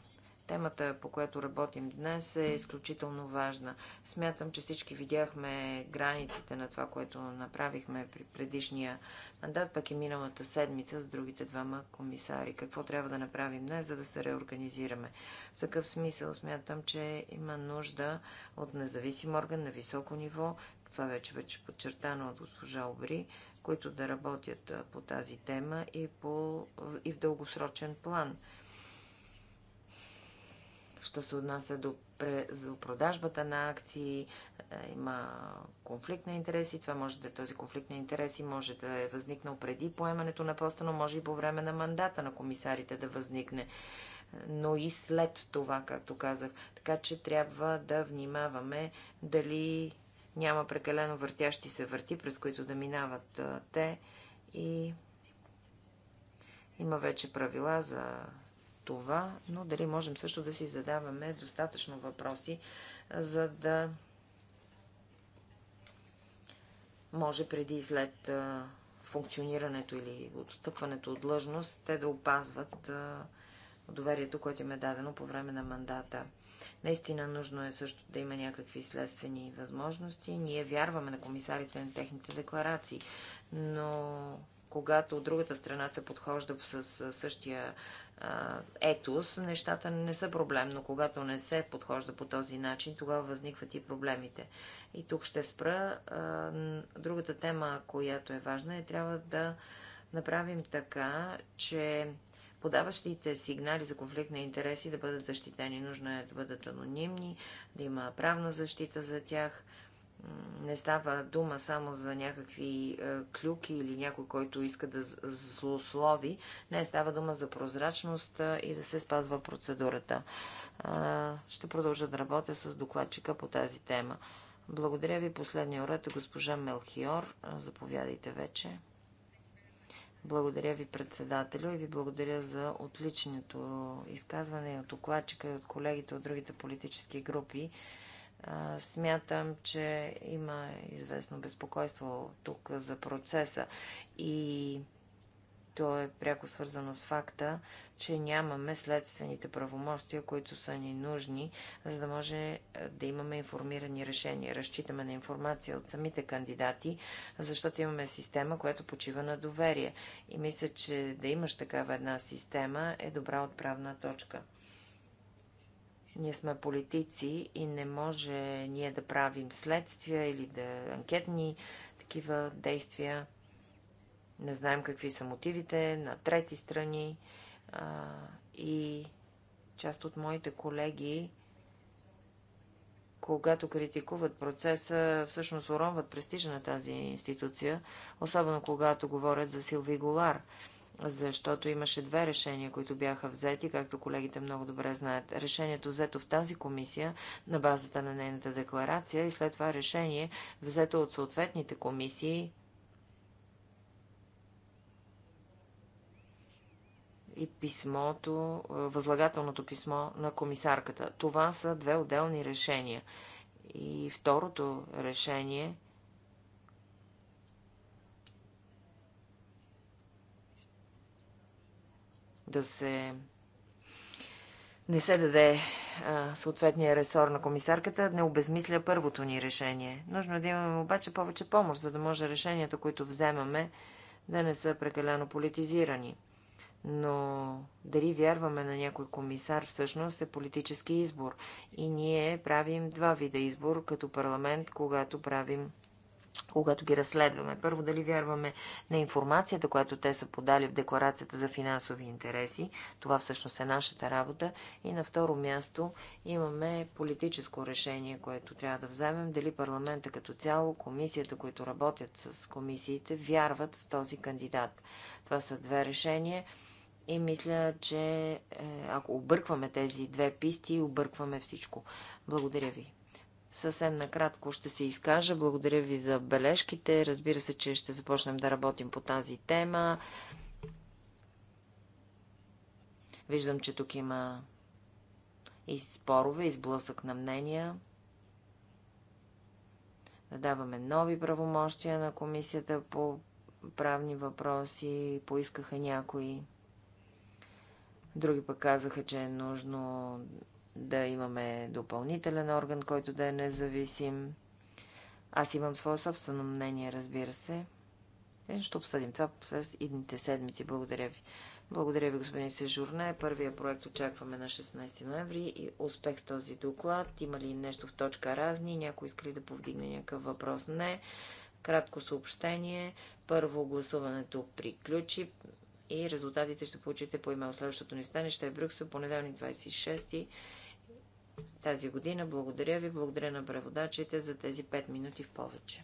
Темата, по която работим днес, е изключително важна. Смятам, че всички видяхме границите на това, което направихме при предишния мандат, пък и миналата седмица с другите двама комисари. Какво трябва да направим днес, за да се реорганизираме? В такъв смисъл смятам, че има нужда от независим орган на високо ниво, това вече вече подчертано от госпожа Обри, които да работят по тази тема и, по, и в дългосрочен план – що се отнася до за продажбата на акции, е, има конфликт на интереси. Това може да, е този конфликт на интереси може да е възникнал преди поемането на поста, но може и по време на мандата на комисарите да възникне. Е, но и след това, както казах. Така че трябва да внимаваме дали няма прекалено въртящи се върти, през които да минават е, те и има вече правила за това, но дали можем също да си задаваме достатъчно въпроси, за да може преди и след функционирането или отстъпването от длъжност, те да опазват доверието, което им е дадено по време на мандата. Наистина нужно е също да има някакви следствени възможности. Ние вярваме на комисарите на техните декларации, но когато от другата страна се подхожда с същия етос, нещата не са проблем, но когато не се подхожда по този начин, тогава възникват и проблемите. И тук ще спра. Другата тема, която е важна, е трябва да направим така, че подаващите сигнали за конфликт на интереси да бъдат защитени. Нужно е да бъдат анонимни, да има правна защита за тях – не става дума само за някакви е, клюки или някой, който иска да злослови. Не, става дума за прозрачност е, и да се спазва процедурата. Ще продължа да работя с докладчика по тази тема. Благодаря ви. Последния уред е госпожа Мелхиор. Заповядайте вече. Благодаря ви, председателю, и ви благодаря за отличното изказване от докладчика и от колегите от другите политически групи смятам, че има известно безпокойство тук за процеса и то е пряко свързано с факта, че нямаме следствените правомощия, които са ни нужни, за да може е, да имаме информирани решения. Разчитаме на информация от самите кандидати, защото имаме система, която почива на доверие. И мисля, че да имаш такава една система е добра отправна точка. Ние сме политици и не може ние да правим следствия или да анкетни такива действия. Не знаем какви са мотивите на трети страни. А, и част от моите колеги, когато критикуват процеса, всъщност уронват престижа на тази институция, особено когато говорят за Силви Голар защото имаше две решения, които бяха взети, както колегите много добре знаят. Решението взето в тази комисия на базата на нейната декларация и след това решение взето от съответните комисии и писмото, е, възлагателното писмо на комисарката. Това са две отделни решения. И второто решение да се не се даде а, съответния ресор на комисарката, не обезмисля първото ни решение. Нужно е да имаме обаче повече помощ, за да може решенията, които вземаме, да не са прекалено политизирани. Но дали вярваме на някой комисар, всъщност е политически избор. И ние правим два вида избор като парламент, когато правим когато ги разследваме. Първо, дали вярваме на информацията, която те са подали в декларацията за финансови интереси. Това всъщност е нашата работа. И на второ място имаме политическо решение, което трябва да вземем. Дали парламента като цяло, комисията, които работят с комисиите, вярват в този кандидат. Това са две решения. И мисля, че е, ако объркваме тези две писти, объркваме всичко. Благодаря ви. Съвсем накратко ще се изкажа. Благодаря ви за бележките. Разбира се, че ще започнем да работим по тази тема. Виждам, че тук има и спорове, и сблъсък на мнения. Да даваме нови правомощия на комисията по правни въпроси. Поискаха някои. Други пък казаха, че е нужно да имаме допълнителен орган, който да е независим. Аз имам свое собствено мнение, разбира се. Е, ще обсъдим това след идните седмици. Благодаря ви. Благодаря ви, господин Сежурне. Първия проект очакваме на 16 ноември и успех с този доклад. Има ли нещо в точка разни? Някой иска ли да повдигне някакъв въпрос? Не. Кратко съобщение. Първо гласуването приключи и резултатите ще получите по имейл. Следващото ни стане ще е Брюксел, понеделник 26 тази година. Благодаря ви, благодаря на преводачите за тези 5 минути в повече.